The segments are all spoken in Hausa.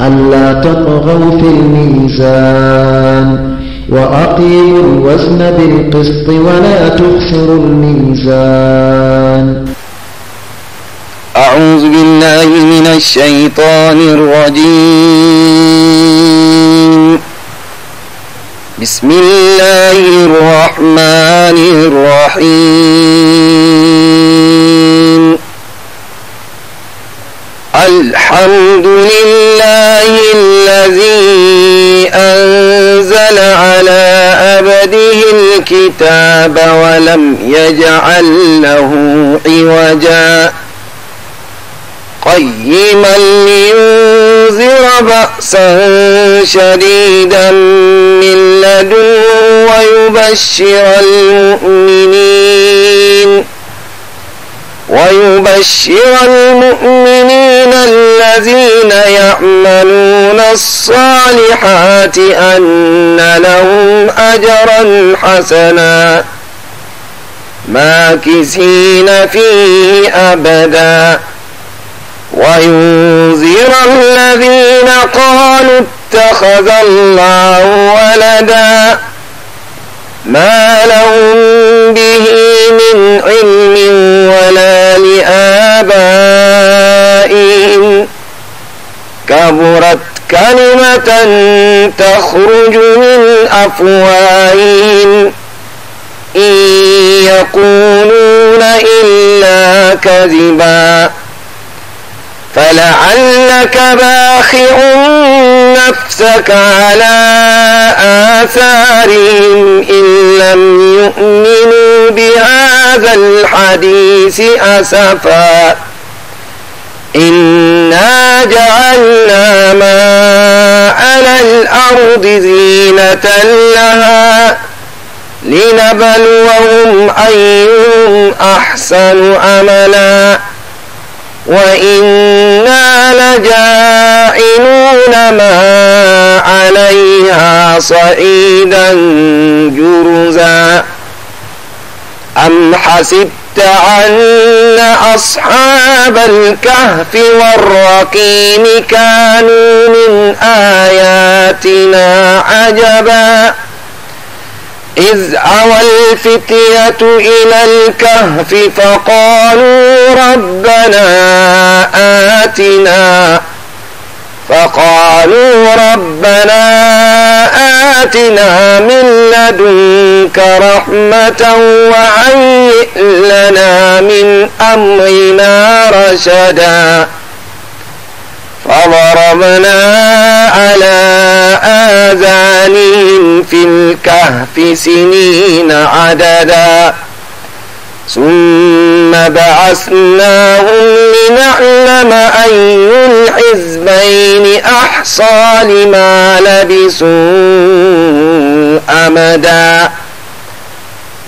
ألا تطغوا في الميزان وأقيموا الوزن بالقسط ولا تخسروا الميزان أعوذ بالله من الشيطان الرجيم بسم الله الرحمن الرحيم الحمد لله الذي أنزل على أبده الكتاب ولم يجعل له عوجا قيما لينذر بأسا شديدا من لدنه ويبشر المؤمنين ويبشر المؤمنين الذين يعملون الصالحات أن لهم أجرا حسنا ماكسين فيه أبدا وينذر الذين قالوا اتخذ الله ولداً ما لهم به من علم ولا لآبائهم كبرت كلمة تخرج من أفواههم إن يقولون إلا كذباً فلعلك باخع نفسك على آثارهم إن لم يؤمنوا بهذا الحديث أسفا إنا جعلنا ما على الأرض زينة لها لنبلوهم أيهم أحسن أملاً وإنا لجاعلون ما عليها صعيدا جرزا أم حسبت أن أصحاب الكهف والرقيم كانوا من آياتنا عجباً إذ أوى الفتية إلى الكهف فقالوا ربنا آتنا فقالوا ربنا آتنا من لدنك رحمة وهيئ لنا من أمرنا رشداً فضربنا على آذانهم في الكهف سنين عددا ثم بعثناهم لنعلم أي الحزبين أحصى لما لبثوا أمدا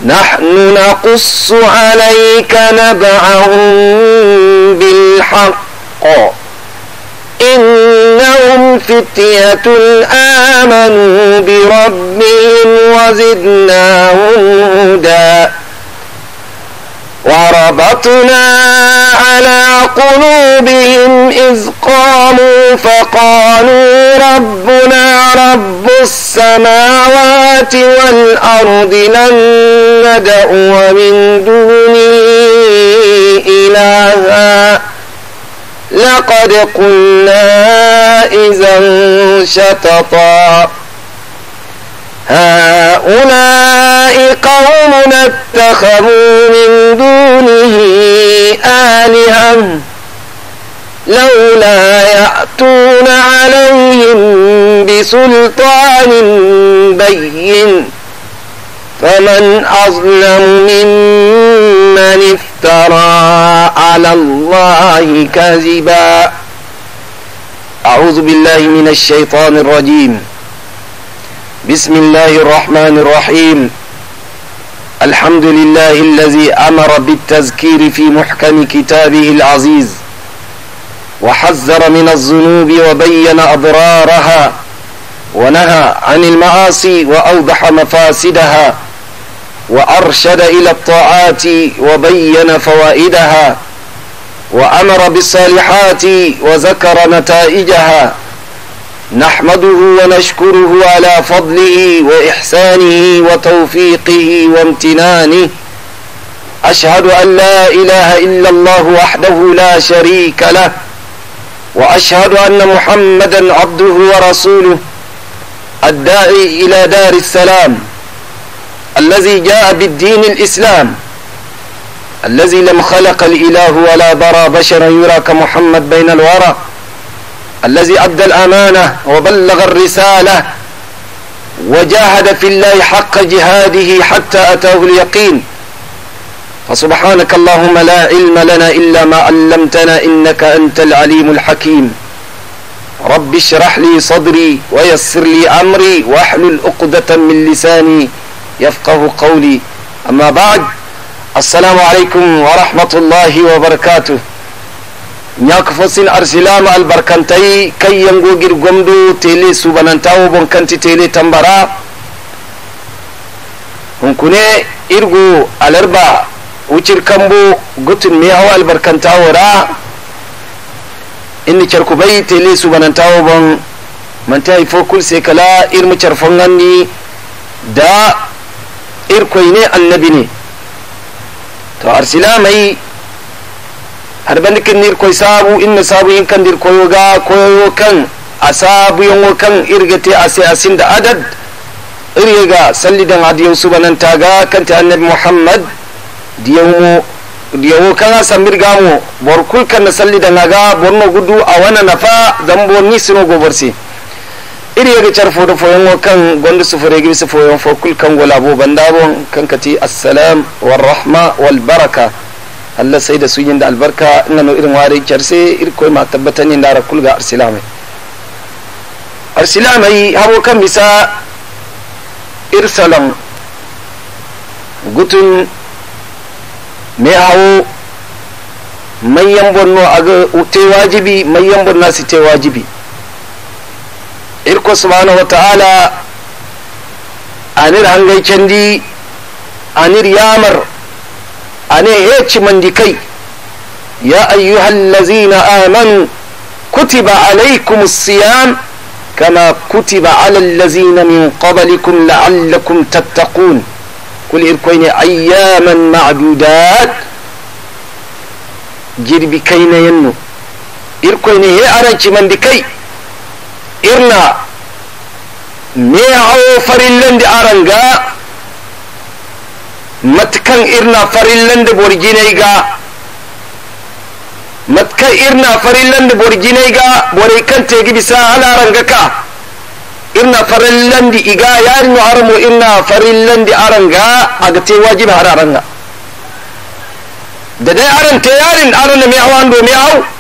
نحن نقص عليك نبعهم بالحق إنهم فتية آمنوا بربهم وزدناهم هدى وربطنا على قلوبهم إذ قاموا فقالوا ربنا رب السماوات والأرض لن ندعو من دونه إلها لقد قلنا إذا شططا هؤلاء قوم اتخذوا من دونه آلهة لولا يأتون عليهم بسلطان بين فمن أظلم ممن من افترى على الله كذبا أعوذ بالله من الشيطان الرجيم بسم الله الرحمن الرحيم الحمد لله الذي أمر بالتذكير في محكم كتابه العزيز وحذر من الذنوب وبين أضرارها ونهى عن المعاصي وأوضح مفاسدها وأرشد إلى الطاعات وبين فوائدها وأمر بالصالحات وذكر نتائجها نحمده ونشكره على فضله وإحسانه وتوفيقه وامتنانه أشهد أن لا إله إلا الله وحده لا شريك له وأشهد أن محمدا عبده ورسوله الداعي إلى دار السلام الذي جاء بالدين الإسلام الذي لم خلق الإله ولا برى بشرا يرى كمحمد بين الورى الذي أدى الأمانة وبلغ الرسالة وجاهد في الله حق جهاده حتى أتاه اليقين فسبحانك اللهم لا علم لنا إلا ما علمتنا إنك أنت العليم الحكيم رب اشرح لي صدري ويسر لي أمري واحلل عقدة من لساني يفقه قولي أما بعد السلام عليكم ورحمة الله وبركاته ñaka fosin arsilama albarkantayi kan yangogir gomdo tele subanantawo bonkanti tele tambara hunkune irgo alarba wucir kambo gutun me hawa albarkantawo ra inni carkubai tele subanantawo bon mantai fokul sekala irmu carfon ganni da ne annabi ne to arsilamay har bandi kan irkoy sabu inna sabu yin kan irkoyo ga koyo kan a sabu yango kan irgate ase da adad ga salli dan adiyon subanan taga kan ta annabi muhammad diyawo diyawo kan samir mu borkul kan salli dan ga borno gudu a wana nafa zambo ni sino gobarsi iri iriyaga car foto wa kan gwanda su gonde suforegi bisa foyon fo kul dabon kan ka kankati assalam wa rahma wa albaraka allah sai da sayda da albarka ina ngano irin wari iri irkoy ma tabbatan yindara kulga arsilamai arsilamai haro kan bisa irsalam gutun mai hawo mayyan bonno a ga te wajibi mayyan bonna su te wajibi irko ma'ana wa ta'ala anir hangaikin di anir yamar ane heci mandikai ya ayyuhal lazina aman kutiba alaikum siyam kama kutiba alal lazina min qabalikum la'allakum tattaqun kul irko ne ayyaman ma'dudat girbi kai na yanno irko ne he aranci mandikai irna me hawo farillan da aranga matkan irna farillan da borginai ga matkan irna farillan da borginai ga borai kan tegi bisa halaranga ka irna farillan da iga yarin mu irna farillan da aranga a ga te wajibi hararanga da dai aran te yarin aran me an do me hawo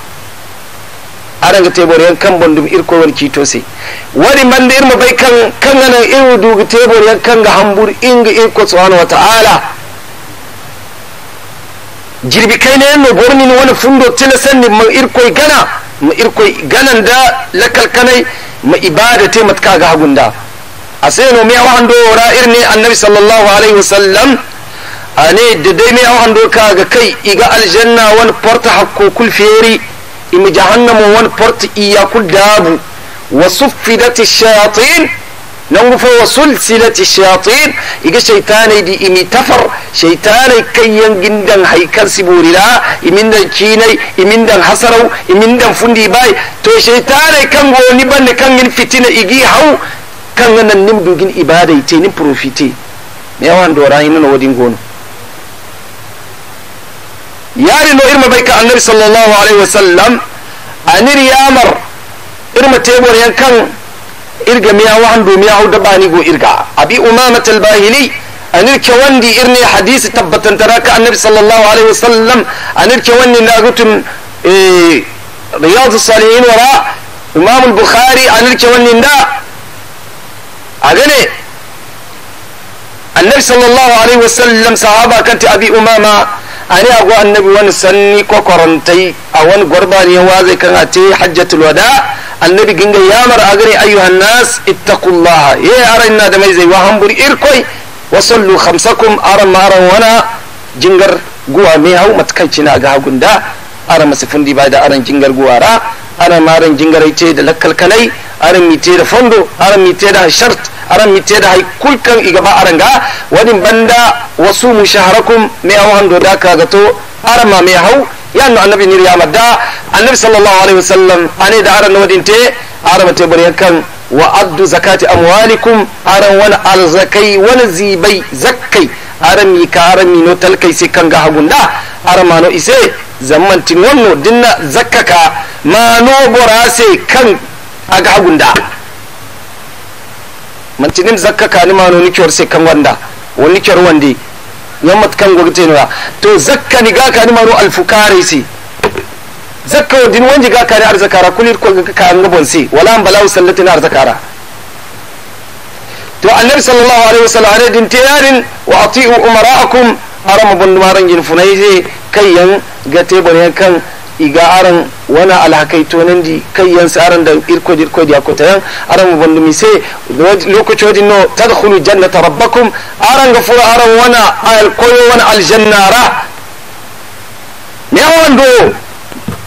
aranga tebor yan kan bondum irko won kitose wadi mande irma bay kan kan ngana irin dugu tebor yan kan ga hambur inga irko subhanahu wa ta'ala jirbi kai ne no borni ni wani fundo tilasan ni ma irko gana ma irko ganan da lakalkanai ma ibada te matka ga hagunda asai no miya wahando ra ne annabi sallallahu alaihi wasallam ane da dai miya wahando ka ga kai iga aljanna wani porta hakko kulfiyeri imi jahannamu wani farti iya ku dabu wa suffidati shayatin nan gufa wa sulsilati shayatin iga shaitana di imi tafar shaitanai kayyan gindan haikar siborila imindan kinai imindan hasarau imindan fundi bai to shaitana kan goni banda kan yin fitina igi hau kan nan nim dugin ibadai te profite me yawan dora yin wadin gono yarino irma bai kan annabi sallallahu alaihi wasallam anir yamar irma tebor yan kan irga miya wahan do miya hauda bani go irga abi umama talbahili anir ke wandi irne hadisi tabbatan ka annabi sallallahu alaihi wasallam anir ke wani na gutun e, رياض wara وراء إمام البخاري عن الكوانين دا أغني النبي صلى الله عليه وسلم صحابة كانت أبي أمامة ani agu annabi wani sanni ko korontai a wani ne wa wazai kan a te hajjatul wada annabi ginga yamar agare ayyuhan nas ittaqullaha ye aran na da mai zai wa hambur irkoi wa sallu khamsakum aran maran wana jingar guwa me hau matkanci na ga hagunda aran masifin di bai da aran jingar guwara aran maran jingar ce da lakkalkalai aran mite da fondo aran mite da shart aran da hay kulkan igaba aranga wani banda wasu shahrakum me aw hando da kaga to arama me ya yanno annabi nir madda annabi sallallahu alaihi wasallam ane da aran wadin te arama te bari kan wa addu zakati amwalikum aran wani zakai wani zibai zakkai aran mi ka aran mi no talkai se kan ga hagunda arama no ise zaman tin wanno dinna zakkaka ma no borase kan aga hagunda mantinin zakka kani mano nikiwar se kan wanda wani kyor wande yammat kan gwagte nura to zakka ni ga kani mano alfukare si zakka wadin wanji ga kani arzakara kulir ko ga kan gabon si wala an balawu na arzakara to annabi sallallahu alaihi wasallam are din tiyarin wa ati'u umara'akum arama bundumaran jin funaize kai yan gate teban kan iga aran wana alhakai nan di kai yan saran da irko dirko di akota yan aran bandu mi se lokaci wadi no tadkhulu jannata rabbakum aran ga fura aran wana al koyo wana al jannara ne wando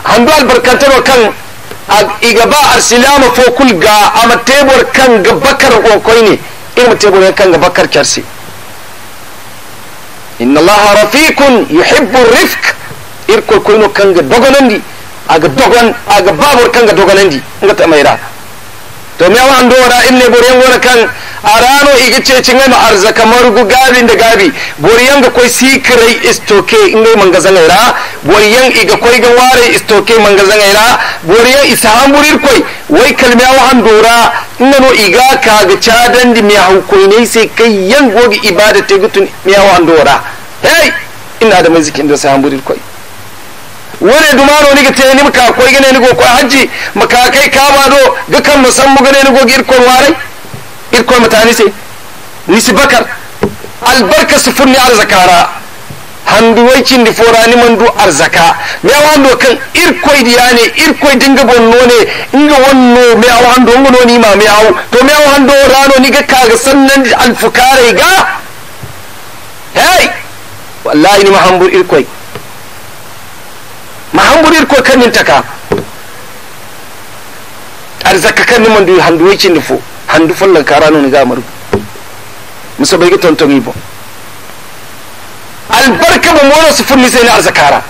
hando albarkantano kan iga ba arsilama fo kul ga ama tebor kan ga bakar on ne irin tebor kan ga bakar kersi inna allaha rafiqun yuhibbu rifq irkol koyno kanga dogonandi aga dogon aga babur kanga dogonandi ta mayra to mi awa ando wara inne boriyan wona kan arano igi ma arzaka marugu gabi da gabi boriyan ga koy sikrai istoke ngai manga zangaira boriyan iga koy ga ware istoke manga zangaira boriyan isa hamurir koy wai kalmi awa andora ingano iga ka ga cadan di mi hau koy ne sai kai yan gogi ibada te gutun mi awa andora hey ina da mai zikin da sai hamurir koy wane dumano niga ka maka koy gane nigo ko hajji maka kai kama do gakan musammu gane nigo gir kon ware ir kon matani se nisi bakar albarka sufunni arzakara handu wai cindi forani mandu arzaka me awando kan ir koy ne ir koy dinga bonno ne inga wonno me awando ngono ni ma me aw to me awando rano ni ga ga sannan alfukare ga hey wallahi ni mahambur ir ma hamburir ko kanin taka zakka kan man du handu wici ndufo handu follan karano ni gamaru musa bai giton to ngibo albarka mu mono su funni sai na zakara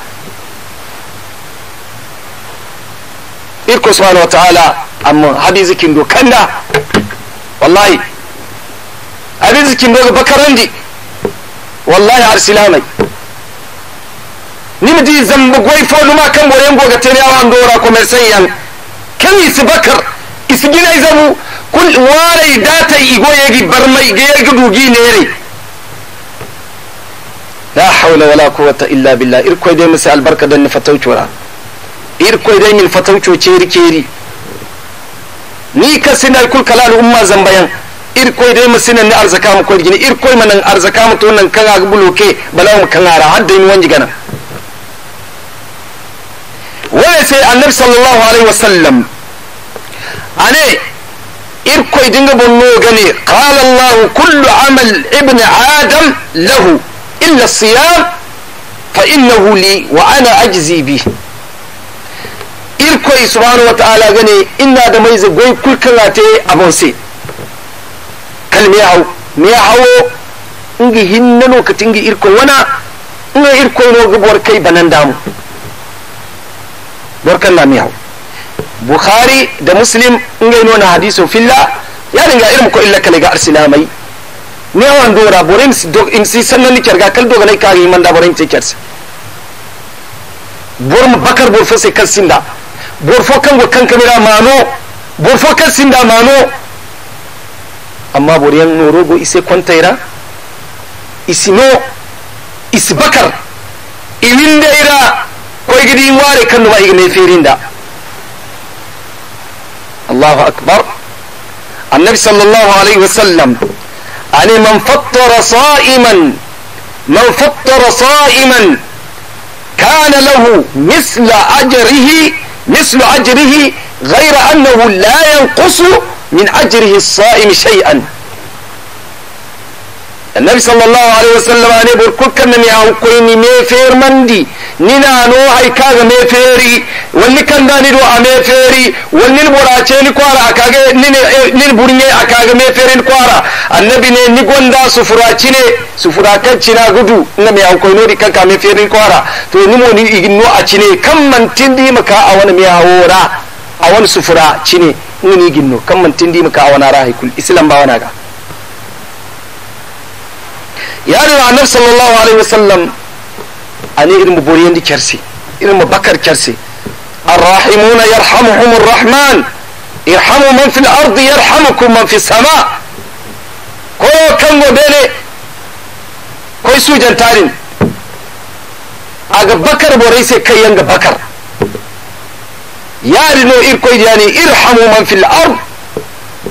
irko subhanahu ta'ala amma hadizi kindo kanda wallahi hadizi kindo ga bakarandi wallahi arsilamai nimdi zambu gwai fo numa kambo yengo ga tene awa dora ko yan kan isi bakar isi gina zamu kul warai data igo yegi barmai ge yegi dugi nere la hawla wala quwwata illa billah irko dai musa albarka dan fataucura irko dai min fataucu ceri ceri ni ka sinal kul kala umma zambayan irko dai musinan ni arzaka mu ko gini irko manan arzaka mu to nan kan agbuloke balaw kan ara hadda ni wanji gana ce annabi sallallahu alaihi wasallam ane irkoy dinga bonno gani qala kullu amal ibn adam lahu illa siyam fa innahu li wa ana ajzi bi irkoy subhanahu wa ta'ala gani ina da mai zagoy kulkala te abonse kalmi ingi hinna wana no kai banan damu gorkan na hau bukhari da muslim ngay nona hadiso filla yaɗi irin ko illa kale ga arsilamay ne wan dora borin si kal manda borin bakar sinda kan kamera mano sinda mano amma ise isino isbakar iwinde ira koygidin ware kannuma igne firinda الله أكبر النبي صلى الله عليه وسلم يعني من فطر صائما من فطر صائما كان له مثل أجره مثل أجره غير أنه لا ينقص من أجره الصائم شيئا النبي صلى الله عليه وسلم أنا بقول كنا ميعاو كويني مي فير مندي nina no hay kaga me feri wani kan da ni do a me feri wani burace ni kwara akage nine eh, nin burnye akaga me feri ni kwara annabi ne ni gonda su furaci ne su furakan cina gudu na me akwai no kan ka me feri ni kwara to ni mo ni igno a cine kan man tindi maka a wani me hawora a wani sufura cine ni ni igno kan man tindi maka a wani rahi kul islam ba wani ga ya da annabi sallallahu alaihi wasallam ani irin mo boriyendi kerse irin mo bakkar kerse arrahimuna yarhamuhum arrahman irhamu man fi ardi yarhamukum man fi sama koyo kango bene koye sujantarin aga bakar boray se yanga bakar yaarino irkoyde yani irhamu man fi l ard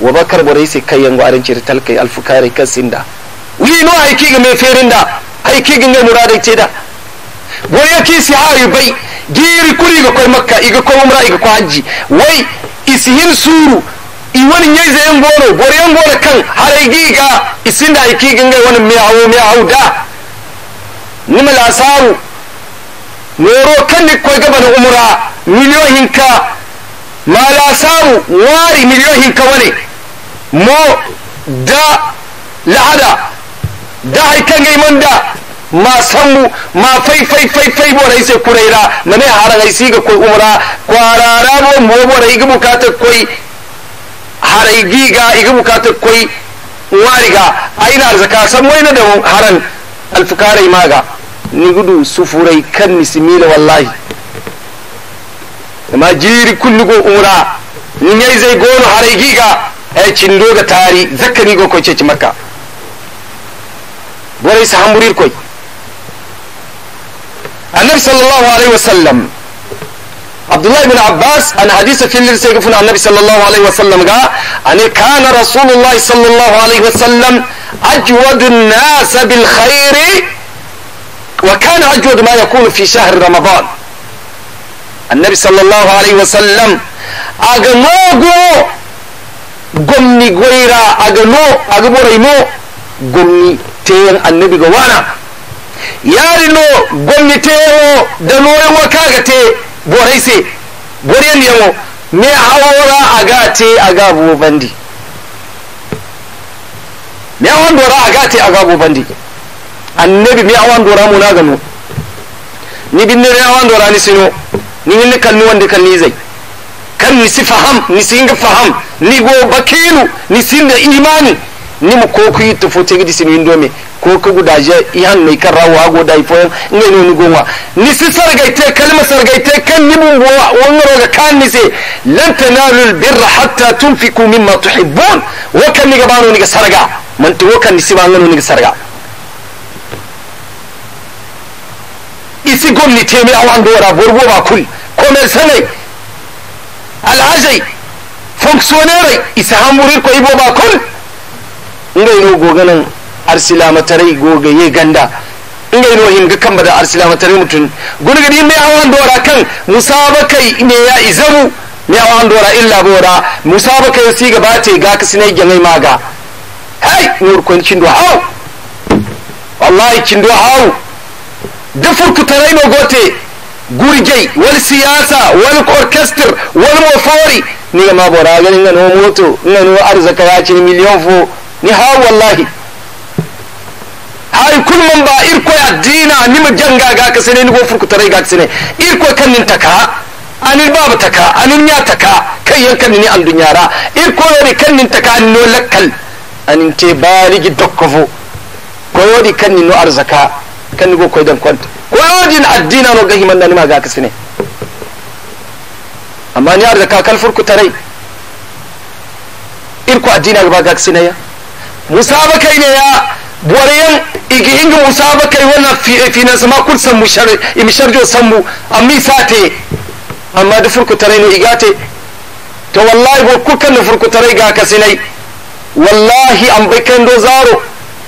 wo bakar boray se kayyango aranciri talkay alfukare kan sinda wino hay kiiga me ferinda hay kiiga nge murada teda wani kisi hayu bai giri kuri ga kwai makka iga kwai umra iga kwai hajji wai isihin suru i wani nyai zayen goro gori yan goro kan harai giga isin da iki ginga wani mai miyawo da nima saru noro kan ni kwai gaba na umra miliyoyin ka ma saru wari miliyoyin ka wani mo da lahada da haikan gaiman da ma sammu ma fai fai fai fai bora ise kureira mane haran ai siga koi umra kwarara bo mo bora igi bukata koi harai giga igi bukata koi wariga aina arzaka san moina da haran alfukare maga ni gudu sufurai kan nisimila wallahi ma jiri kullu go umra ni nyai zai gono harai giga e cindo ga tari zakani go ko ce ci makka bora isa hamburir koi النبي صلى الله عليه وسلم عبد الله بن عباس أنا حديث في اللي عن النبي صلى الله عليه وسلم قال أن كان رسول الله صلى الله عليه وسلم أجود الناس بالخير وكان أجود ما يكون في شهر رمضان النبي صلى الله عليه وسلم أغنوغو قمني قويرا أغنو أغبورينو قمني تين النبي قوانا yari no yawo yarino gomnitewo danoyenwo kagate borayse boreliyemo ne hawora agate a bandi mi awandora agate agabo bandi annabi mi mu na gano ni binne mi dora ni sino ni ni kanni wanda kalli zai kan ni si faham ni si hinga faham ni go bakilu ni da imani nimu koku yi tufu tegi disi ni indomi koku guda je ihan mai kan rawo hago da ifo nge ni ni gonwa ni si sargaite kalma sargaite kan ni bumbo wangaro ga kan ni se lan tanalu albirra hatta tunfiku mimma tuhibbun wa kan ni gabano ni sarga man to kan ni si bangano ni sarga isi gomni teme awan dora borbo ba kul komel sanai alhajai fonctionnaire isa hamurir ko ibo ba kul ngaino goganan arsila matarai goga ye ganda ngaino hinga kamba da arsila matarai mutun guna gadi mai awan dora kan musabakai ne ya izamu mai awan dora illa bora musabakai ya siga te ga kasinai gyangai maga hai nur kun kin do hawo wallahi kin do hawo da furku tarai no gote gurgai wal siyasa wal orchestra wal mofori ni ga mabora ganin ga no moto ngano arzaka ya ci miliyan fo ni ha wallahi hay kul man ba irko addina ni mu janga ga ka sene ni go furku tare ga ka sene irko kan nin taka anil baba taka anil nya taka kai yan kan ni an dunyara irko yori kan nin taka an no lakkal anin te baligi dokkofo ko yori kan ni no arzaka kan ni go koy dan kwanta ko yori addina no gahi man nan ma ga ka sene amma ni arzaka kal furku tare irko addina ga ba ga ka sene ya musabakai ne ya boreyan igi ingi musabakai wannan finan sama kun san mu jo sanmu mu ammi sate amma da furku tare ne igate to wallahi ba kukan na furku tare ga kasinai wallahi an bai kan do zaro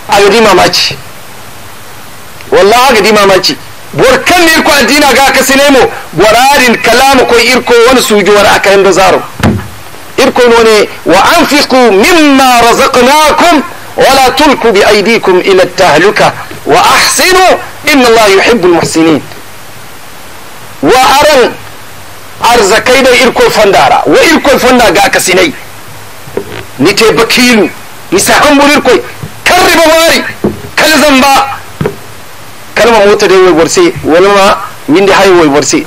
a gadi mamaci wallahi a gadi mamaci bor kan ne ko adina ga kasinai mo borarin kalamu ko irko wani sujuwar yin do zaro irkonoone waanfiquu mima razaqnaakum wlaa tulkuu biaydiikum ila tahluka waaxsinuu ina allaha yuxibu lmuxsiniin waa aran arzakayday irkoy fandaara wa irkoy fandaa gaakasinay nite bakiilu nisahanbul irkoy kan ribamaari kala zamba kalma motade way warse walma windi hay way warse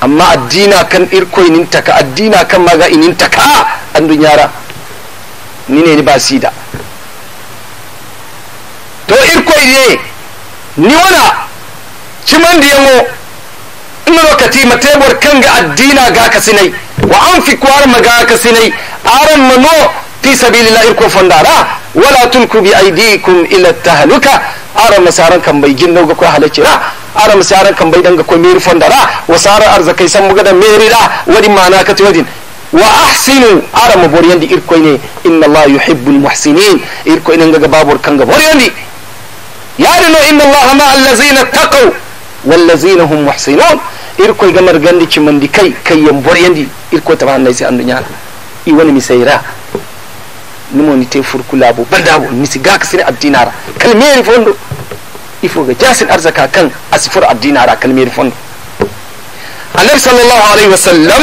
amma addina kan irko taka addina kan maga inintaka andu an dunyara ni ne ni ba sida to irkoy ne ni da yamo ina lokaci matebor kan ga addina ga ka sinai wa an fi kwar maga ka sinai aran mano fi sabilillah irko fandara wala tulku bi kun ila tahluka aran masaran kan bai ginno ga ko ra. aram saran kan bai danga ko meri fondara wa sara arzakai san mugada meri da wadi mana ka tawdin wa ahsinu aram irko irkoyne inna Allah yuhibbu al muhsinin irko irkoyne gaga babur kan ga boriyandi yarino inna Allah ma allazina taqaw wal wallazina hum muhsinun irkoy gamar gandi cimandi kai bori yandi irko tabanna sai andunya i wani misaira nimo ni te furkula bo bandabo misi gaka sini addinara kalmeri fondo ifo ga jasin arzaka kan asfur addina ra kalmir fon annabi sallallahu alaihi wasallam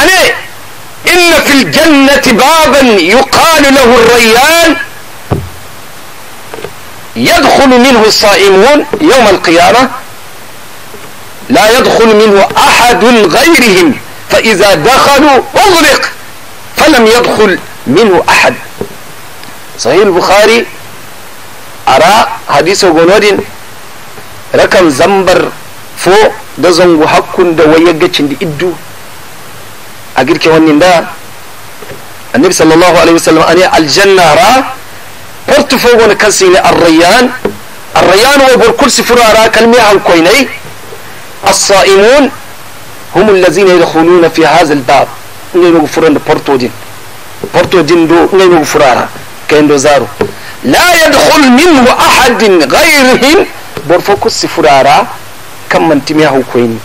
ane inna fil jannati baban yuqalu lahu ar-rayyan يدخل منه الصائمون يوم القيامة لا يدخل منه أحد غيرهم فإذا دخلوا أغلق فلم يدخل منه أحد صحيح البخاري ara hadiso gonodin rakam zambar fo da zangu hakkun da wayaggacin da iddu a girke wannan da annabi sallallahu alaihi wasallam ani aljanna ra portu fo gon kan sine arrayan arrayan wa gor kursi furara kalmi han koinai as-sa'imun hum allazina yadkhuluna fi hadha al-bab ne no furan da porto din porto din do ne no furara kendo zaru la yadkhul minhu ahadin ghayrihim bor fo kus sifurara kam man timi ha hukoyni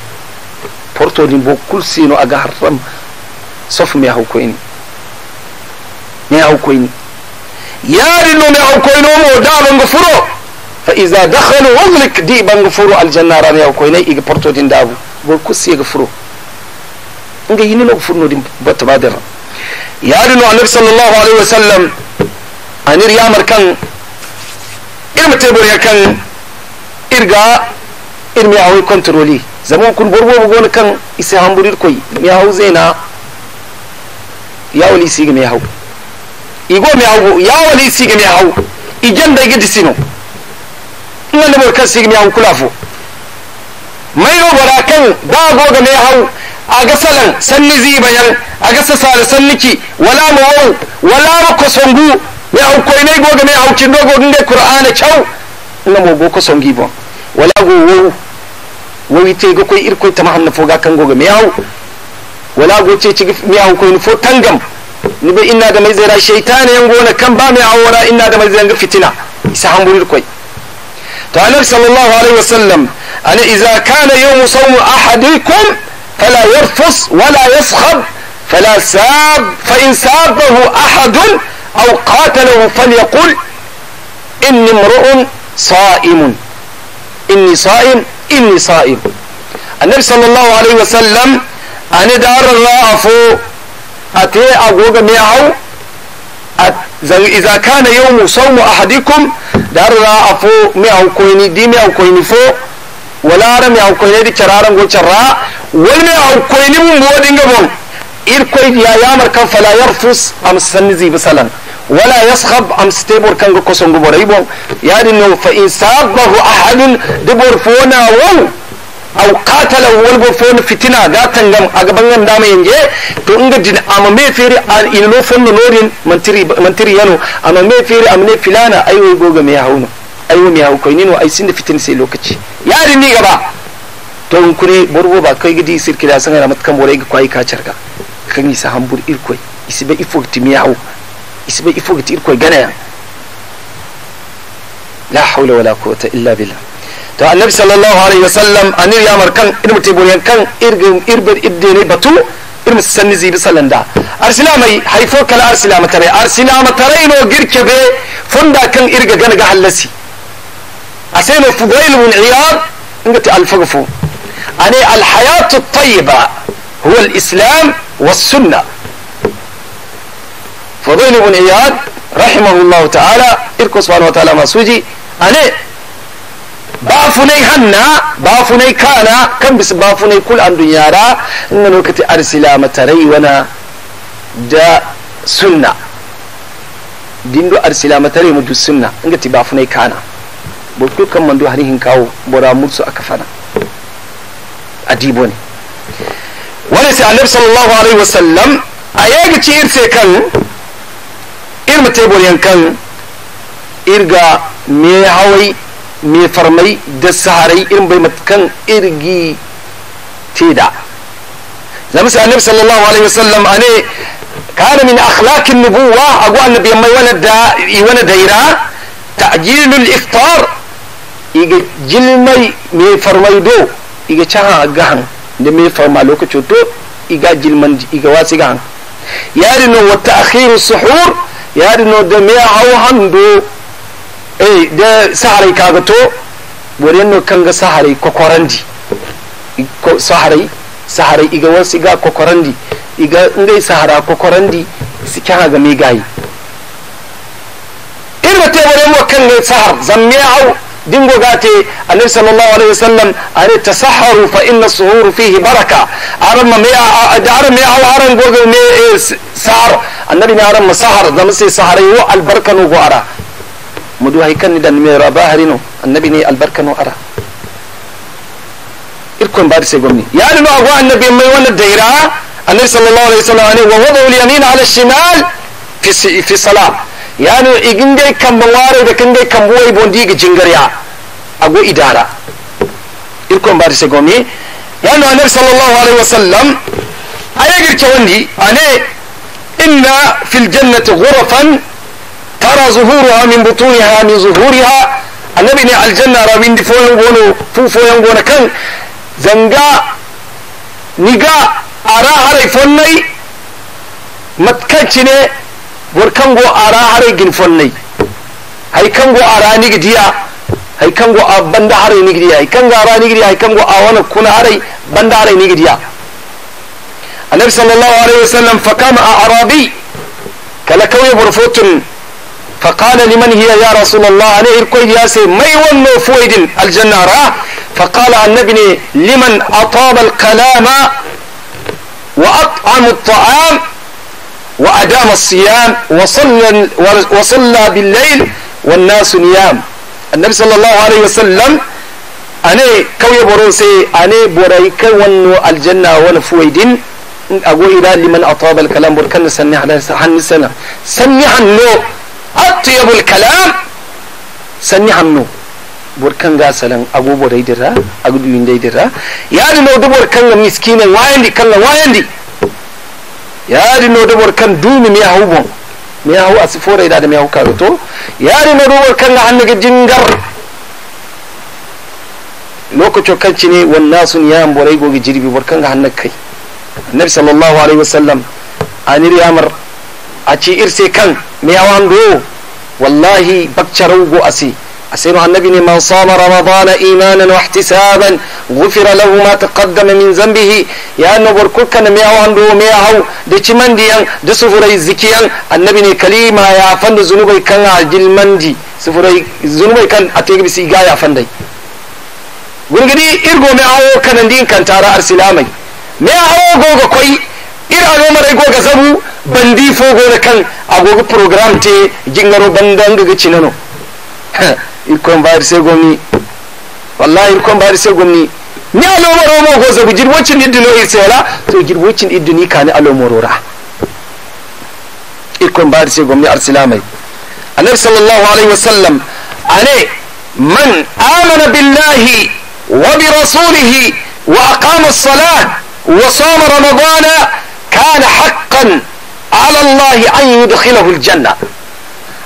porto din bo kul sino aga harram sof mi ha hukoyni mi ha hukoyni yari no mi ha hukoyno mo daba ngo furo fa iza dakhalu uglik di bango furo aljanna ra mi ha hukoyni iga porto din dabu bor kus iga furo nga yini no furno din batta badara yari no annabi sallallahu alaihi wasallam anir yamar kan irma tebur ya kan irga irmi awi kontroli zama kun borbo go kan isi hamburir koi mi hawo zaina ya wali si ga mi hawo igo mi hawo ya wali si ga mi hawo ijan da gidi sino ina ne borkan si ga mi hawo kulafo mai ro bara kan da go ga mi hawo aga salan sanni zibayan aga sasala sanniki wala mawu wala ko songu me aw ne goga ne aw cindo go nde qur'ana chaw na mo go ko songi bon wala go wo wo ite koy ir koy tama hanna foga kan goga me aw wala go ce ci me aw koy fo tangam ni be inna da mai zera shaytan yan gona kan ba me awara inna da mai zanga fitina isa hambul koy to annabi sallallahu alaihi wasallam ana iza kana yawm sawm ahadikum fala yarfus wala yaskhab فلا ساب فإن سابه ahadun. أو قاتله فليقل إني امرؤ صائم إني صائم إني صائم النبي صلى الله عليه وسلم أنا دار الله أفو أتي أقوغ ميعو إذا كان يوم صوم أحدكم دار الله أفو ميعو كويني دي ميعو كويني فو ولا رمي أو كويني دي شرارم وشراء والميعو كويني مو بودين irkoy yayamar kan fala yarfus am sannizi bisalan wala yaskhab am stable kan ko songo boraybo din no fa in sabahu ahadun dibor fona won aw qatala wal bo fona fitina ga tangam aga bangan dama yenge to inga din am me feri al ilmo fonna norin mantiri mantiri yano am me feri am ne filana ayo goga me hauno ayo me hauko ni no ay da fitin sai lokaci din ni gaba to in kure borbo ba kai gidi san sanga matkan borai ga kwai kacarga kan isa hambur irkoi isibe ifogti miyahu isibe ifogti irkoi ganaya la haula wala quwwata illa billah to annabi sallallahu alaihi wasallam anir yamar kan irmu tiburiyan kan irgin irbir iddene batu irmu sanni zibi sallanda arsilamai haifo kala arsilama tare arsilama tare no girke be funda kan irga gana ga hallasi aseno fugail mun iyad ingati alfagfu ane alhayatu tayyiba هو islam والسنة فضيل بن إياد رحمه الله تعالى إركو سبحانه وتعالى ما سوجي أنا bafunai hanna bafunai kana kan bisu bafunai kul an dunyara inda lokaci arsila matarai wana da sunna dindo arsila matare mu du sunna inga ti bafunai kana bo kan mando harin kawo bora mursu aka fana adibo ne warayse annabi sala allahu alayhi wasalam ayaga ci irse kan irma teeboryan kan irga me hawai me farmai da saharai irin bai matkan irgi teda zamsa annabi sallallahu alaihi wasallam ane kana min akhlaqin nubuwa agu annabi mai wana da wana daira ta'jilul iftar iga jilmai me farmai do iga chaha gahan nde mi farma lokaco to iga jilmanji iga wasiga han yaadino wa taakhiru suhur yaadino de me aw han do e eh, da saharay kaga to worenno kanga saharay kokorandi saharay saharay iga wasiga kokorandi iga ngay sahara kokorandi sikaha ga migayi irga te worenmo kanga sahar zan zamme hau. دينغو غاتي النبي صلى الله عليه وسلم أن تسحروا فإن السهور فيه بركة عرم ميا عرم ميا أو عرم غوغو ميا إيه، سهر النبي عرم سهر دمسي سهري والبركة نوغو أرى مدو هي كان ندن ميرا باهرينو النبي ني البركة نو أرى إلكم بارس يقولني يعني ما أقوى النبي ما يوانا الديرة النبي صلى الله عليه وسلم ووضعوا اليمين على الشمال في في الصلاة yani kan kan ware da dai kan boye bondi ga jingarya ago idara irko mbari se gomi yani annabi sallallahu alaihi wasallam aya girce wandi ane inna fil jannati ghurafan tara zuhuruha min butuniha min zuhuriha annabi ne aljanna rabin di foyon gono fu gono kan zanga niga ara harai fonnai matkanci ne bor kango ara hare gin fonnai hay kango ara ni diya hay kango a banda hare ni diya hay kango ara ni diya hay kango a wana kuna hare banda hare ni diya annabi sallallahu alaihi wasallam fa kama arabi kala kawai burfutun fa qala liman hiya ya rasulullah ana irkoy ya sai mai wanno fuidin aljanna ra fa qala annabi ne liman ataba alkalama wa at'ama at'am وأدام الصيام وصلى, وصلى بالليل والناس نيام النبي صلى الله عليه وسلم ane kauye boron wanno aljanna wani fuwaidin ago ida liman ataba alkalam bor kan sanni hada hanni sana sanni hanno atiyabul kalam sanni hanno bor kan ga salan ago borai dira ago duyin dai dira ya ni no bor kan miskinan wayandi no wor kan duumi mi yaha hubon mi yaha hu asi fo reyɗade mi yaha hukkaɓe to yaadinoɗo kan kanga hannege jingar lokaco kancine wonnasun yahan boraygoge jirbi kan kanga hannag kay annabi sallllahu alayhi wa sallam aniri amar ci irse kan mi yawan ɗo wallahi bakcarawgo asi asiru annabi ne man sama ramadana imanan wa ihtisaban gufira lahu ma taqaddama min zambihi ya no bor kukkana me aw ando me aw da cimandiyan da sufurai zikiyan annabi ne kalima ya fanda zunubai kan aljil mandi sufurai zunubai kan ategi bisi ga ya fandai gurgidi irgo me awo kan din kan tara arsilamai me awo goga koi irano mara goga zabu bandi fogo na kan agogo program te jingaro bandan daga cinano irkoye mbaari sey gomni wallahi irkoye mbaari sai gomni ni alomoromo go sogo jiɗ woccin idduno ir seela so jiɗ woccin idduni kani alomorora irkoye mbaari sey gomni arsilamay annabi sallallahu alaihi wa sallam ane man amana billahi wa rasulihi wa aqama alsalah wa sama ramadana kana haqqan ala allahi an yudkhilahu al-janna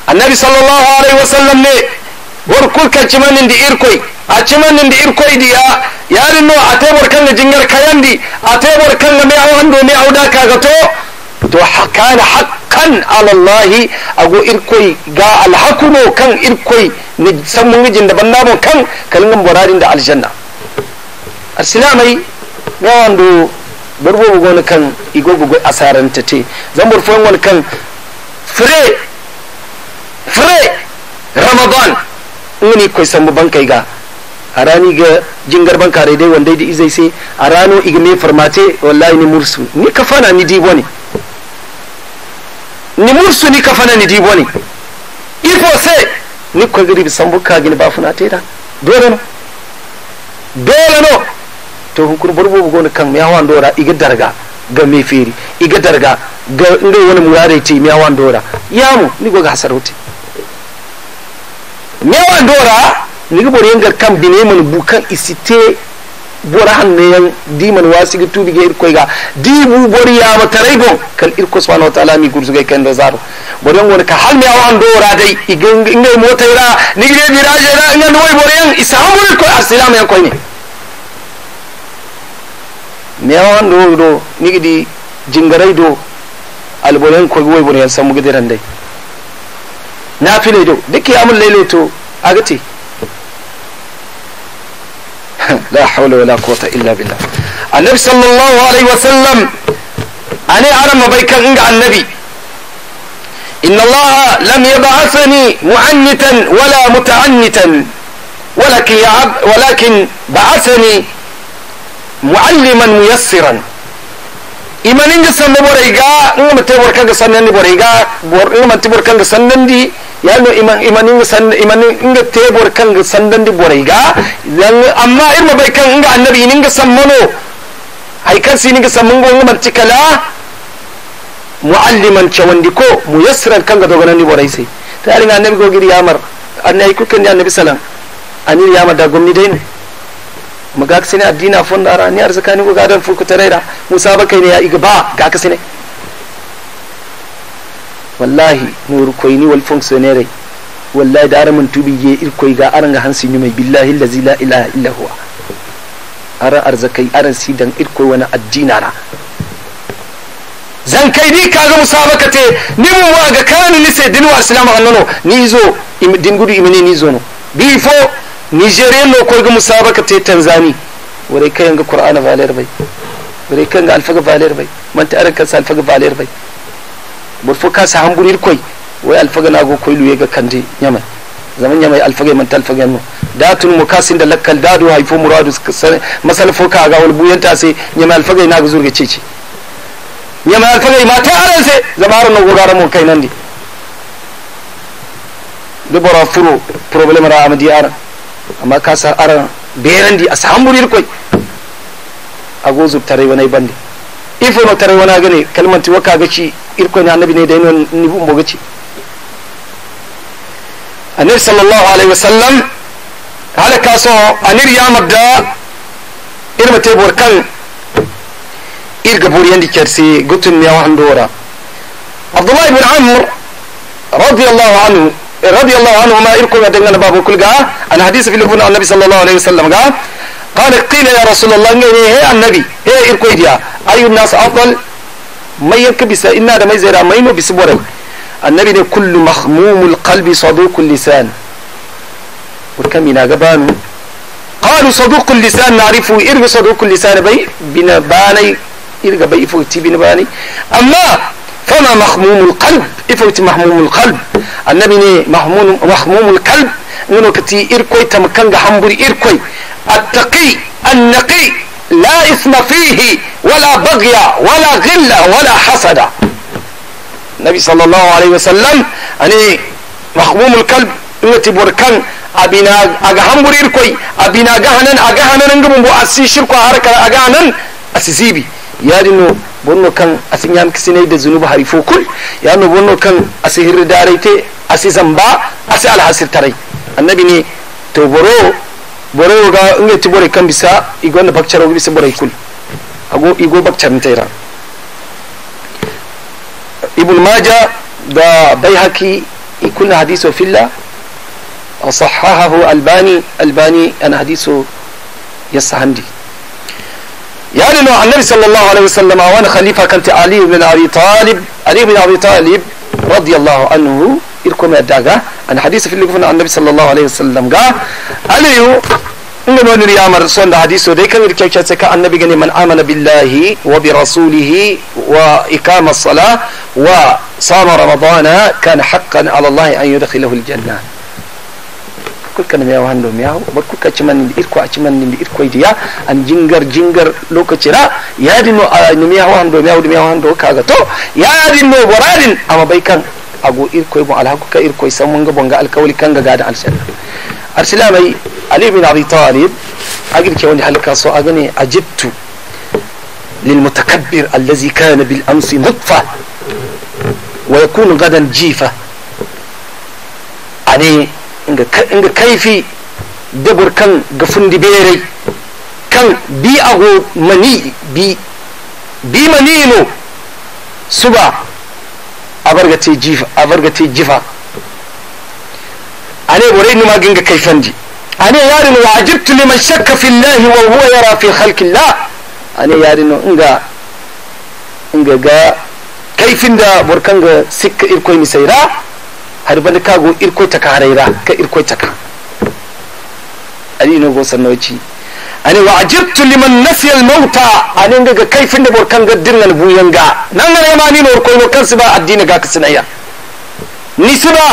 annabi sallallahu alaihi wa sallam ne warkulka cimanin di irkoi a cimanin di irkoi di ya yarin no a tebor kan da jingar kayandi a tebor kan da mai awan do mai auda kaga to to hakana hakkan ala allah ago irkoi ga alhakuno kan irkoi ni san mijin gijin da bannamo kan kalingan boradin da aljanna arsilamai ga wando barbo gona kan igo gugo asaranta te zan wani kan fure fure ramadan ni koy sambu bankai ga arani ga jingar banka dai dai wanda izai sai arano igne farmate wallahi ni mursu ni kafana ni dibo ne ni mursu ni kafana ni dibo ne ifo sai ni koy gari sambu ka gini bafuna da dole no dole no to hunkuru burbu bugo kan miyawan dora iga darga ga mefiri iga darga ga ndo wani murare ti miyawan dora yamu ni go ga sarauti newan dora ligi bori yanga kam bine man bukan isite bora hanne yan di diman wasi gitu bige irko ga di bu bori ya matarai go kal irko subhanahu wa ta'ala mi gursu ga kan da zaro bori wani ka hal ne awan dora dai ingai motai ra ligi de biraje ra ingan wai bori yan isamu ko asilam yan ko ne newan do do nigi di jingarai do albolen ko wai bori yan samu gidan dai nafile do duk kiyamul layli to agati la hawla wala quwwata illa billah annabi sallallahu alaihi wasallam ani arama inga annabi inna allaha lam yab'athani mu'annitan wala muta'annitan ولكن يعب ولكن بعثني معلما ميسرا imaninga sanne boreyga nga mate borkanga sannandi boreyga nga mate yalno iman imanin inga san iman inga tebor kan sandan di boraiga yang amma irma bai kan inga annabi inga sammano ai kan sin inga sammungo inga man kala mualliman wandi ko muyassiran kan ga doganan di borai sai ta alin annabi go giri yamar annai ku kan annabi salam ani yamar da gomni dai ne magak sine addina fon da ara ni arzakani go gadan fuku da musa kai ne ya igba ga ka sine wallahi nur ni wal fonctionnaire wallahi da aramin tubi ye ir koy ga aran ga hansi nyumai billahi allazi la ilaha illa huwa ara arzakai aran sidan ir koy wani addinara zan kai ni kaga musabaka te ni mu wa ga kanu ni sai dinwa islam nono ni zo din gudu imini ni zo no bifo nigeria no koy ga musabaka te tanzani wore kai ga qur'ana valer bai wore kai ga alfaga valer bai man ta aran kan alfaga valer bai burfu ka sa hamburir koi wai alfaga go koi luye ga kandi nyamai zaman nyamai alfaga man talfaga no datun mukasin da lakkal dadu hay fo muradu masal fo ga wal buyanta sai nyamai alfaga na ga zurga cece nyamai alfaga ma ta aran sai zabaru no gogara mu kai nan di da furo problem ra amadi aran amma sa aran berandi koi a ago zubtare wani bandi ifono tare wona gane kalmanti wakka gaci irkoni annabi ne dayno ni bumbo gaci annabi sallallahu alaihi wasallam hala kaso anir yamabda irma bor kan irga bor yandi kersi gutun ya wahandora abdullah ibn amr radiyallahu anhu radiyallahu anhu ma irko ya dangana babu kulga an hadisi filifuna annabi sallallahu alaihi wasallam ga قال قيل يا رسول الله هي النبي هي إركويديا أي الناس أفضل ما يركبس إن هذا ما يزرع ما ينو بسبورة النبي كل مخموم القلب صدوق اللسان وكم يناقبان قالوا صدوق اللسان نعرفه إرق صدوق اللسان بي بنا باني إرق بي فوتي بنا باني أما فما مخموم القلب إفوت مخموم القلب النبي مخموم مخموم القلب إنه كتي إركوي تمكن حنبري إركوي التقي النقي لا إثم فيه ولا بغي ولا hasada. ولا حسد النبي صلى الله عليه وسلم اني مخموم الكلب التي بركان abina aga hamburir koy abina aga hanan aga hanan ngum bo asi shirko harka aga hanan asisibi yadino bonno kan asin yan kisine da zunuba harifo kul yadino bonno kan asihir darete asi zamba asi alhasir tarai annabi ne to boro boroga ga ngeti bore kan bisa igo na bakcara wuri bisa bore ikul ago igo bakcar ntaira ibn maja da bayhaki ikun hadisu filla صححه الباني الباني انا حديثه يسهندي يعني لو النبي صلى الله عليه وسلم وانا خليفه كنت علي بن ابي طالب علي بن ابي طالب رضي الله عنه اركم الداغا انا حديث في اللي عن النبي صلى الله عليه وسلم قال علي إنما نري أمر صلى حديث وذيك كيف تتكى أن نبي جني من آمن بالله وبرسوله وإقام الصلاة وصام رمضان كان حقا على الله أن يدخله الجنة كل كان آه، مياه وهندو مياه وكل كاتشمان إيركو أتشمان إيركو إيديا أن جينجر جينجر لو كتيرا يا دينو نمياه وهندو مياه ودمياه وهندو كاغا تو يا دينو ورادين أما بيكان أبو إيركو يبو على هكو كإيركو يسمونغ بونغ الكولي كانغ غادا أرسلامي Ali bin Abi Talib agirke wani halka so a gane a lil mutakabbir allazi kana bil amsi nutfa wa yakunu gadan jifa ane inga kaifi dabur kan gafin diberai kan bi ago mani bi bi mani no suba abargate jifa abargate jifa ane bore ni maginga kaifandi أني يا رنو عجبت لمن شك في الله وهو يرى في خلق الله أني يا رنو إنجا إنجا جا كيف إنجا بركانجا سك إركوي نسيرا هربنا كاغو إركوي تكاريرا كإركوي تكا أني نو غوصر نوتي أني وعجبت لمن نسي الموتى أني إنجا كيف إنجا بركانجا درنا نبويانجا نانا يماني نوركوي نو كنسبا الدين غاكسنايا نسبا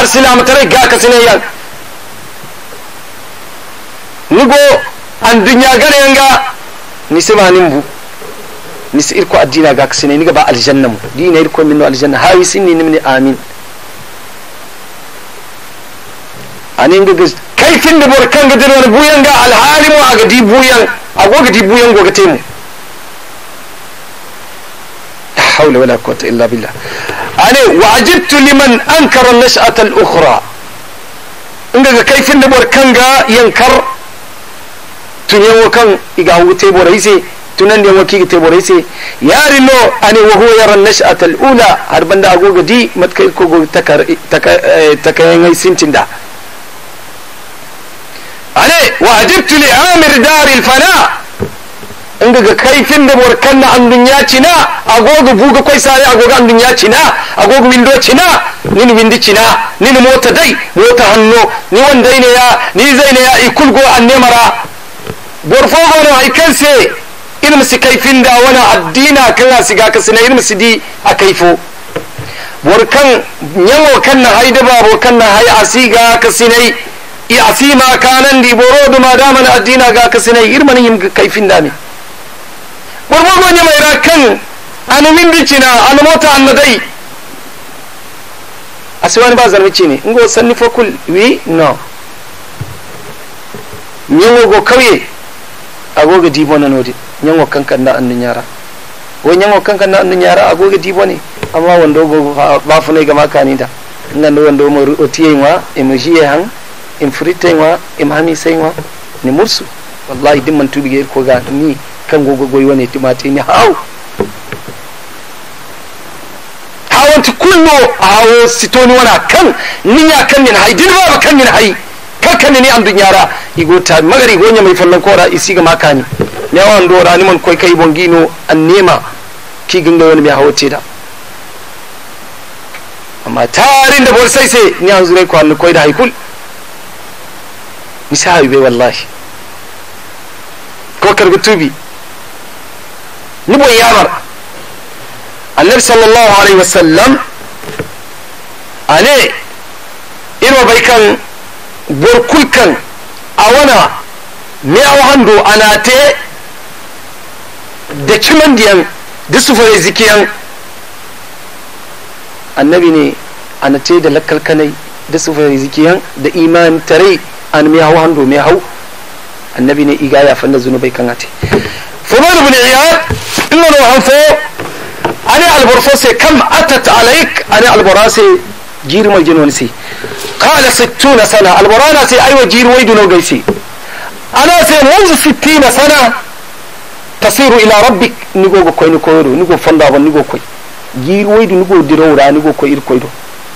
أرسلام تري غاكسنايا نسبا nigo an dunya gane nga nisi ma nimbu nisi irko addina ga kasine niga ba aljanna mu dina irko minno aljanna hawi sinni nimni amin anin ga kai tin da bor kan ga dirwar buyan ga alhalimu a ga dibuyan a go ga dibuyan go ga temu la hawla wala quwwata illa billah ane wa ajibtu liman ankara an-nash'ata al-ukhra inga ga kaifin da bor kan ga yankar Tun yawo kan iga hugu tebora hise tunan da yawo kiki tebora hise yari lo ane wa huwa yaran nash'at al-ula har banda agoga di matkai ko go takar takayen eh, ai sintin da ale wa ajibtu li amir dar al-fana inga ga kaifin da borkan na an dunya cina agoga buga kai sare agoga an dunya cina agoga windo cina nin windi cina nin mota dai mota hanno ni wanda ne ya ni zai ne ya ikul go an nemara gorfogono hay kaŋ se ilm si kayfinda wana addina kaŋ a siga ka sine ilm si di a kayfo bor kan yaŋo kan na hay da baabo kaŋ na hay asiga ka sinay i asima di boro duma daman addina ga ka sinay irmana yimga kayfindame gorfogo mai rakan ana windi cina an mota anna asi wani ba zarmi ne ngo sanni fokul wi no yaŋo go kawye agoga dibo na nodi nyan wakan kan da annun yara wai nyan wakan kan da annun yara agoga dibo ne amma wando ba fu ne ga makani da ngan wando mo otiye wa emujiye han im frite wa im hami sai wa ni mursu wallahi din man tubi ko ga ni kan gogo goyi wani timati ni hawo hawon tukullo hawo sitoni wana kan ninya kan ni hay din ba kan ni hay kakkani ni andun yara igota magari gonya mai fallan kora isi ga makani ne wan do rani man koi kai bongino an nema ki ginga wani mai hawace da amma tarin da bol sai sai ni an zure ko an koi da haikul misali bai wallahi ko karbi tubi ni boy yamar annabi sallallahu alaihi wasallam ane iro bai kan a awana miyaw hando te da diyan da su sufare zikiyan annabi ne te da lakalkanai da su sufare zikiyan da iman tare an do hando hau annabi ne iga ya fanna zunubai kan ate iya ina da wahan fo hanfo ani alborfose kam atat alaik ani alborase girma jinonsi قال ستون سنة البرانا سي أيوة جير ويدنو قيسي أنا سي وانز ستين سنة تصير إلى ربك نقو كوي نقو يرو نقو فندابا نقو كوي جير ويدو نقو ديرورا نقو كوي إر كوي دو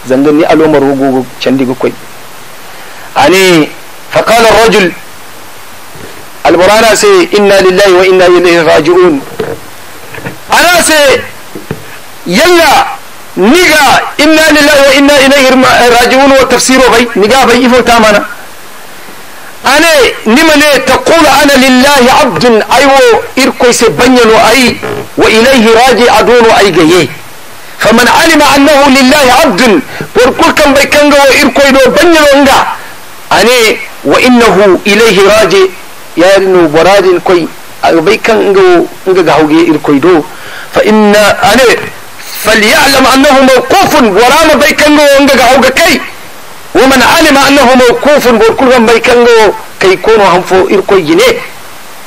زندني ألومر وقو چندقو كوي أني فقال الرجل البرانا سي إنا لله وإنا إليه راجعون أنا سي يلا niga inna lillahi wa inna ilayhi eh, raji'un wa tafsiro bai niga bai ifo ta mana ane nima ne ta kula ana lillahi abdun aiwo irkoi se banyano ai wa ilayhi raji adono ai gaye faman alima annahu lillahi abdun farkul kan bai kanga wa irkoi do banyano nga ane wa innahu ilayhi raji yarinu baradin koi bai kan nga nga gahauge irkoi do fa inna ane فليعلم أنه موقوف ورام بيكنغو ونغا عوغا كي ومن علم أنه موقوف وركلهم بيكنغو كي يكونوا هنفو إركو يجيني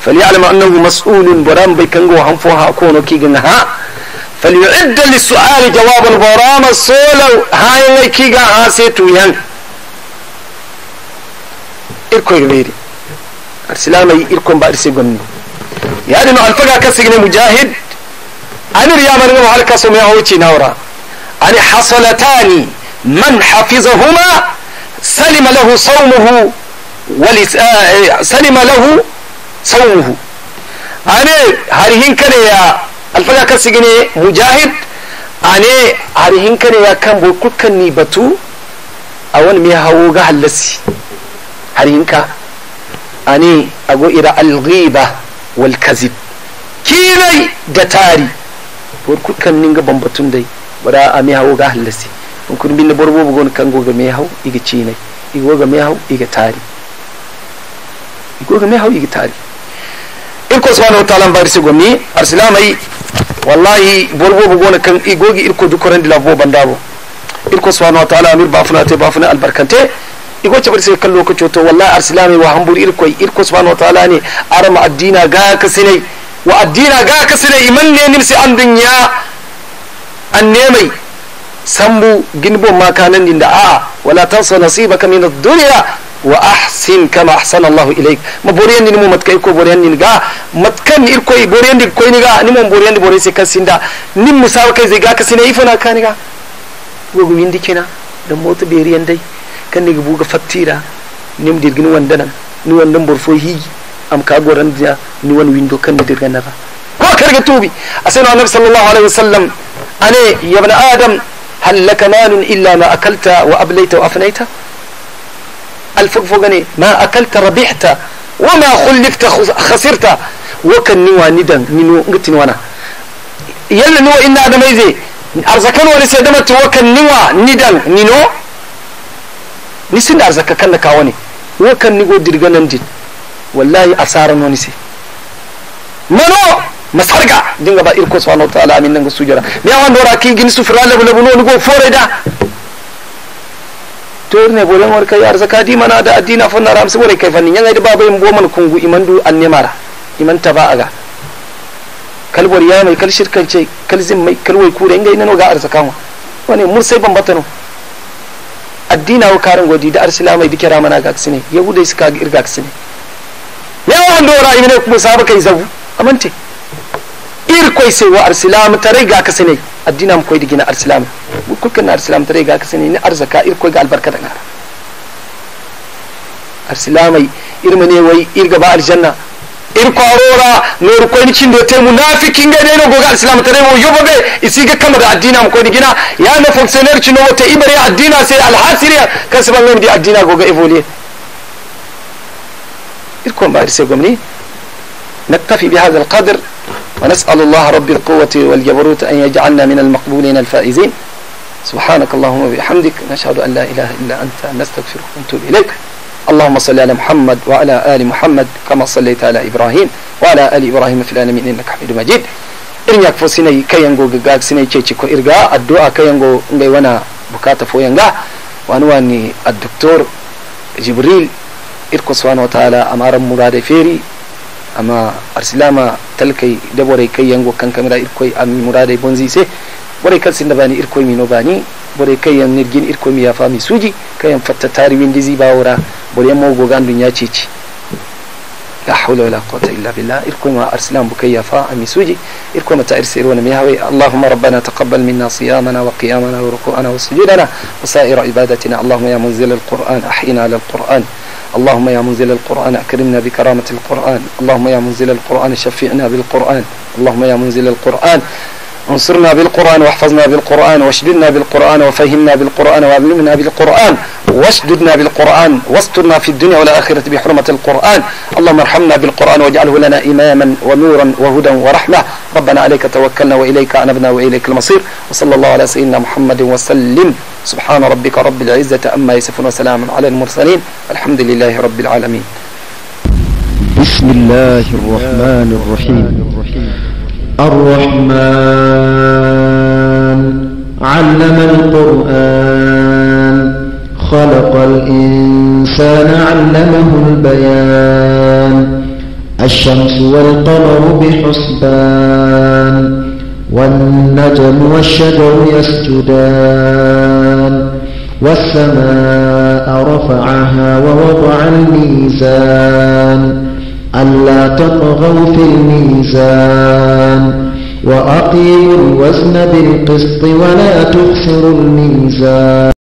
فليعلم أنه مسؤول ورام بيكنغو هنفو هاكونو كي جنها فليعد للسؤال جوابا ورام الصولو هاي كيغا هاسيتو ين إركو يغيري أرسلامي إركو بأرسي قمني يعني نعرفك كسجن مجاهد أنا أنا وعلى كسم يهوتي نورا أنا حصلتان من حفظهما سلم له صومه ولس آه, آه، سلم له صومه أنا هارهين كان يا الفقا كسجني مجاهد أنا هارهين كان يا كم بقول كني بتو أول ميهوجا هلسي هارهين كا أنا أقول إلى الغيبة والكذب كيلي دتاري bor kul kan ninga bambatunday bara ame hawo ga hallasi on kun binne bor bo gon kan goga me haw iga cinai iga goga me haw iga tari iga goga me haw iga tari irko subhanahu wa ta'ala bari se gomni arsilamai wallahi bor bo gon kan igogi irko dukoran dila bo bandabo irko subhanahu wa ta'ala amir bafuna te bafuna albarkante igo cabar sai kan lokaci to wallahi arsilamai wa hambur irko irko subhanahu wa ta'ala ne arama addina ga ka sinai wa addina ga kasila an nimsi an nemai sambu ginbon ma kanan din da a wala tansa nasibaka min ad-dunya wa ahsin kama ahsana Allah ilayk ma boriyan ni mu matkai ko boriyan ni ga matkan ir koy boriyan di koy ni ga ni mo boriyan di boriyan se kasinda nim musawa kai zai ga kasina ifana go go windi kina da moto beriyan dai kan ni ga buga fattira nim dirgin wandanan ni wandan borfo higi am ka goran dia ni wani windo kan ni dirga nara ko karga tubi sai na nabi sallallahu alaihi wasallam ane ya ibn adam hal laka malun illa ma akalta wa ablayta wa fufu gane ma akalta rabihta wa ma khulifta khasirta wa kan ni no ninu ngatin wana yalla niwa inna ayze arzakan wani sai damatu wa kan ni no ni sun arzaka kan kawo ne wa kan nigo nan din wallahi asara noni se nono masarga dinga ba irko subhanahu wa ta'ala amin nanga sujara ne awan dora ki gin su firala bula bula ni go foreda To ne bolen war kai arzaka di mana da addina fanna ramsu gore kai fannin yanga da baba imbo man kungu imandu ra. iman ta a aga kalbor ya mai kal shirkan ce kal zin mai kal wai kure inga inano ga arzaka mu wani sai bambata no addina wa karin godi da arsila mai dikira mana ga kisne yahudai suka irga yawan dora ne kuma sabu kai zabu amante ir koy se wa arsilam tare ga ka sene addina mu koy digina arsilam kulkan arsilam tare ga ka sene ni arzaka ir koy ga albarka da ngara arsilamai ir mane wai ir gaba aljanna ir kwarora no koy ni cindo te munafikin ga ne go ga arsilam tare wo yobo be isi ga kama da addina mu koy digina ya na fonctionnaire cindo wote ibare addina sai alhasiriya kasban ngam di addina go ga evolier إلكم بعد سيقومني نكتفي بهذا القدر ونسأل الله رب القوة والجبروت أن يجعلنا من المقبولين الفائزين سبحانك اللهم وبحمدك نشهد أن لا إله إلا أنت نستغفرك ونتوب إليك اللهم صل على محمد وعلى آل محمد كما صليت على إبراهيم وعلى آل إبراهيم في العالمين إنك حميد مجيد إن يكفو سيني كي gagag sinai سيني كي irga addu'a الدعاء كي wana bukata foyanga wani wani ad-doktor irko subhanahu wataala amaran murade feri amma arsilama da deɓoray kai yango kankamira irkoy ami murade bonzi se ɓoray kan sinda bani irkoy mino bani ɓoray kai yan nirgin irko mi yafami suuji yan fatta taari windizi bawora ɓorayen mawgo gan duña ceeci la hawla wala quwwata illa billah irko ma arsilam bo kay yafa ami suuji irkoy ma ta'ir sir wona mi hawe allahumma rabbana taqabbal minna siyamana wa qiyamana wa ruku'ana wa sujudana wa sa'ira ibadatina allahumma ya munzil alquran ahyina ala alquran اللهم يا منزل القرآن أكرمنا بكرامة القرآن اللهم يا منزل القرآن شفعنا بالقرآن اللهم يا منزل القرآن انصرنا بالقرآن واحفظنا بالقرآن واشددنا بالقرآن وفهمنا بالقرآن وأبلمنا بالقرآن واشددنا بالقرآن واسترنا في الدنيا والآخرة بحرمة القرآن اللهم ارحمنا بالقرآن واجعله لنا إماما ونورا وهدى ورحمة ربنا عليك توكلنا وإليك أنبنا وإليك المصير وصلى الله على سيدنا محمد وسلم سبحان ربك رب العزة أما يسفون وسلام على المرسلين الحمد لله رب العالمين بسم الله الرحمن الرحيم الرحمن علم القرآن خلق الإنسان علمه البيان الشمس والقمر بحسبان والنجم والشجر يسجدان والسماء رفعها ووضع الميزان ألا تطغوا في الميزان وأقيموا الوزن بالقسط ولا تخسروا الميزان